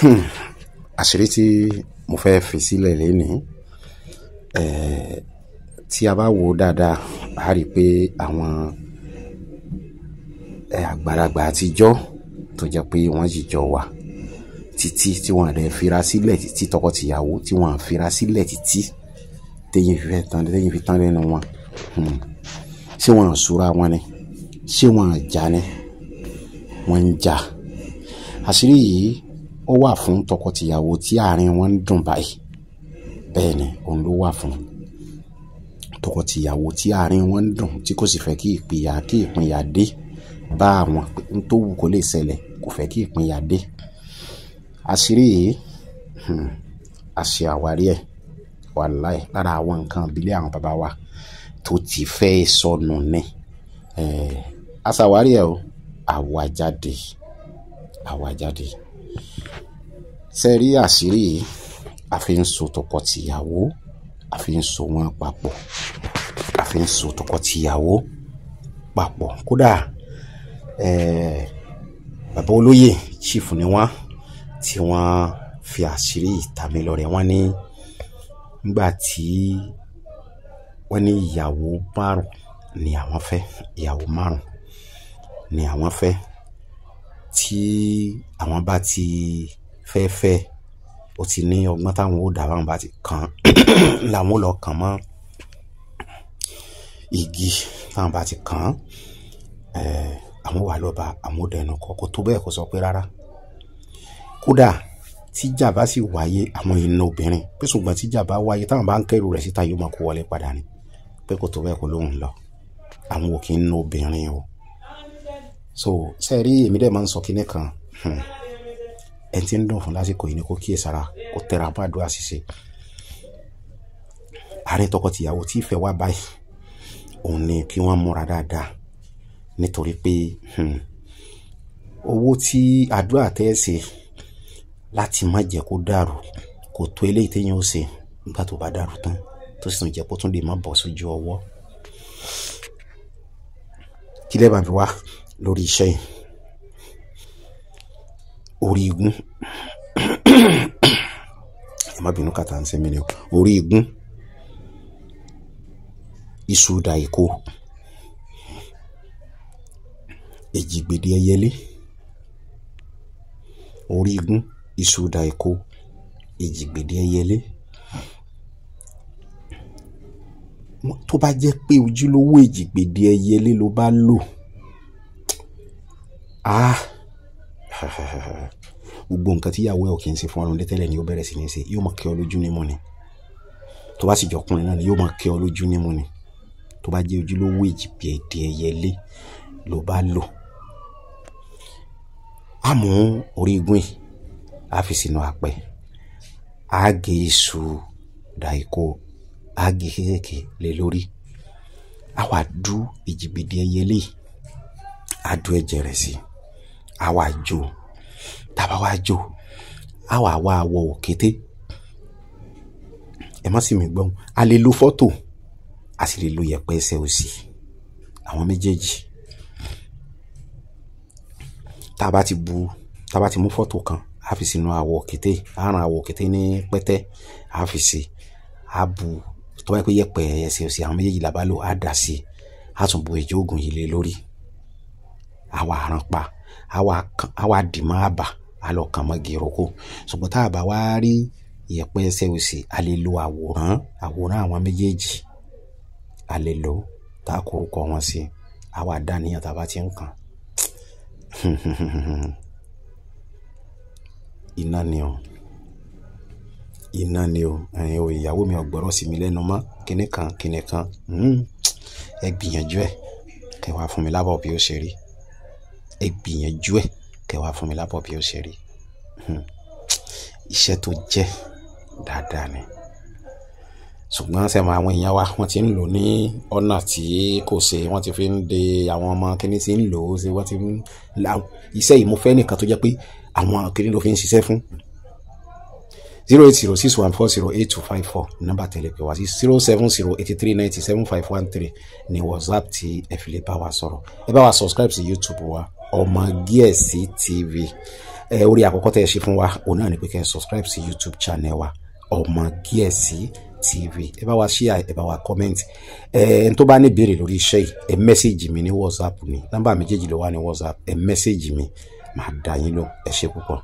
àṣírí tí mo fẹ́ fi sílẹ̀ lénìí tí a bá wò dáadáa a rí i pé àwọn àgbàlagbà àtijọ́ tó jẹ́ pé wọ́n jìjọ wà títí tí wọ́n rẹ̀ fira sílẹ̀ títí tọkọ-tìyàwó tí wọ́n fira sílẹ̀ títí téyìn fi tán téyìn fi tán lẹ́nu wọn hmm. ṣé wọ́n sùúra wọn ni ṣé wọ́n jà ni wọ́n ń jà àṣírí yìí ó wà fún tọkọtìyàwó tí àárín wọn ń dùn báyìí bẹ́ẹ̀ ni òun ló wà fún tọkọtìyàwó tí àárín wọn ń dùn tí kò sì fẹ́ kí ìpìyà kí ìpínyà dé bá àwọn tó wù kó lè ṣẹlẹ̀ kò fẹ́ kí ìpínyà dé àṣírí yìí àṣì hmm, àwárí ẹ̀ wàláì lára àwọn nǹkan ìbílẹ̀ àwọn bàbá wa tó ti fẹ́ sọnù ni àṣàwárí ẹ̀ o àwàjáde àwàjáde ṣe rí àṣírí yìí a fi ń so tọkọ-tìyàwó a fi ń so wọn papọ̀ a fi ń so tọkọ-tìyàwó papọ̀ kódà eh, bàbá olóyè chief ni wọ́n tí wọ́n fi àṣírí ìtàmílọ́rẹ̀ wọ́n ní nígbà tí wọ́n ní ìyàwó márùn ni àwọn fẹ́ ìyàwó márùn ni àwọn fẹ́ tí àwọn bá ti. Tí fẹ́ẹ́fẹ́ ó ti ní ọgbọ́n táwọn ó dà báwọn bá ti kàn làwọn ó lọ kàn mọ́ igi táwọn bá ti kàn àwọn wà lọ́ba àwọn ó dẹnu kọ́ kó tó bẹ́ẹ̀ kó sọ pé rárá kódà tíjà bá sì wáyé àwọn iná obìnrin pé ṣùgbọ́n tíjà bá wáyé táwọn bá ń kẹ́rù rẹ̀ síta yóò máa kó wọlé padà ni pé kó tó bẹ́ẹ̀ kó lóhùn lọ àwọn ò kì í ná obìnrin o so sẹ́ẹ̀rí èmi dẹ̀ máa ń sọ kinní kan. Hmm ẹni tí ń dùn fún lásìkò yìí ni kó kíyèsára kó tẹra bá àdúrà ṣíṣe àárín tọkọtìyàwó tí ìfẹ́ wà báyìí òun ni kí wọ́n múra dáadáa nítorí pé hmm, owó tí àdúrà tẹ́ ẹ ṣe láti má jẹ́ kó dàrú kò tó eléyìí téèyàn ó ṣe nígbà tó bá dàrú tán tó sì tún jẹ́ kó tún lè má bọ̀ sójú ọwọ́ kí lẹ́ẹ̀ fi wá lórí iṣẹ́ yìí orí igun ẹ má bínú kàtà ń sẹ́mi ni o orí igun iṣu da èkó èjìgbèdè ẹyẹlé orí igun iṣu da èkó èjìgbèdè ẹyẹlé tó bá jẹ́ pé ojúlówó èjìgbèdè ẹyẹlé ló bá lò áá. Ah. gbogbo nǹkan tí ìyàwó ẹ̀ ò kì í ṣe fún ọlọ́run tẹ́lẹ̀ ni ó bẹ̀rẹ̀ sí ní ṣe yóò máa kẹ́ ọ lójú nímú ni tó bá sì jọ ọkùnrin náà ni yóò máa kẹ́ ọ lójú nímú ni tó bá jẹ́ ojúlówó ìjìbì ẹ̀dẹ̀ ẹ̀yẹlé ló bá lò á mú orígun yìí á fi sínú apẹ á gé iṣu dàìkó á gé lé lórí á wà dú ìjìbìdì ẹ̀yẹlé yìí á dú ẹ̀jẹ̀ sí i àwa jó tàbá wa jó àwa wá wọ òkété ẹ má sì mí gbọ́n a lè lo fọ́tò a sì lè lo yẹ̀pẹ̀ ẹsẹ̀ òsì àwọn méjèèjì tá ti bu tá a bá ti mú fọ́tò kan a fi sínú àwọ̀ òkété a ràn àwọ̀ òkété ní pẹ́tẹ́ a fi sí a bu tó bá pé yẹ̀pẹ̀ ẹsẹ̀ òsì àwọn méjèèjì làbá a dà sí a tún bu ìjọ oògùn yìí lé lórí àwa àràn pa awa wà dì mọ́ àbà a lọ kàn mọ́ gèròkó ṣùgbọ́n tá a bá wá rí ìyẹ̀pẹ̀ ẹsẹ̀ òsì a lè lo àwòrán àwòrán àwọn méjèèjì a lè lo tá a korúkọ wọn sí a wà dáníyàn tá a bá ti ń kàn iná ni o iná ni o ẹ̀yin o ìyàwó mi ọ̀gbọ́rọ̀ sí mi lẹ́nu mọ́ kíní kan kíní kan hmm. ẹ gbìyànjú ẹ̀ kẹwàá fún mi lábọ̀ bí ó ṣe rí ẹ gbìyànjú ẹ̀ kẹ́ wá fún mi lábọ̀ bí ó ṣe rí hmm. iṣẹ́ tó jẹ́ dáadáa ni ṣùgbọ́n sẹ́mu àwọn èèyàn wa wọ́n ti ń lò ní ọ̀nà tí kò ṣe wọ́n ti fi ń de àwọn ọmọ kíní sí ń lò ó ṣe wọ́n ti ń la iṣẹ́ yìí mo fẹ́ nìkan tó jẹ́ pé àwọn kíní ló fi ń ṣiṣẹ́ fún zero eight zero six one four zero eight two five four nọ́mbà tẹ̀lé pé wá sí zero seven zero eighty three ninety seven five one three ni whatsapp tí ẹ fi lè bá wa sọ̀rọ̀ ẹ bá wa subscribe sí youtube wa ọmọ gíẹ̀sì tv ẹ orí àkọ́kọ́ tẹ́ ẹ ṣe fún wa òun náà ni pé kẹ́ ẹ subscribe sí youtube channel wa ọmọ gíẹ̀sì tv ẹ bá wa share ẹ bá wa comment ẹ n tó bá ní ìbéèrè lórí iṣẹ́ yìí ẹ mẹ́sẹ̀gì mi ní whatsapp mi nọ́mbà méjèèjì ló wà ní whatsapp ẹ mẹ́sẹ̀gì mi màá dá yín lò ẹ ṣe púpọ̀.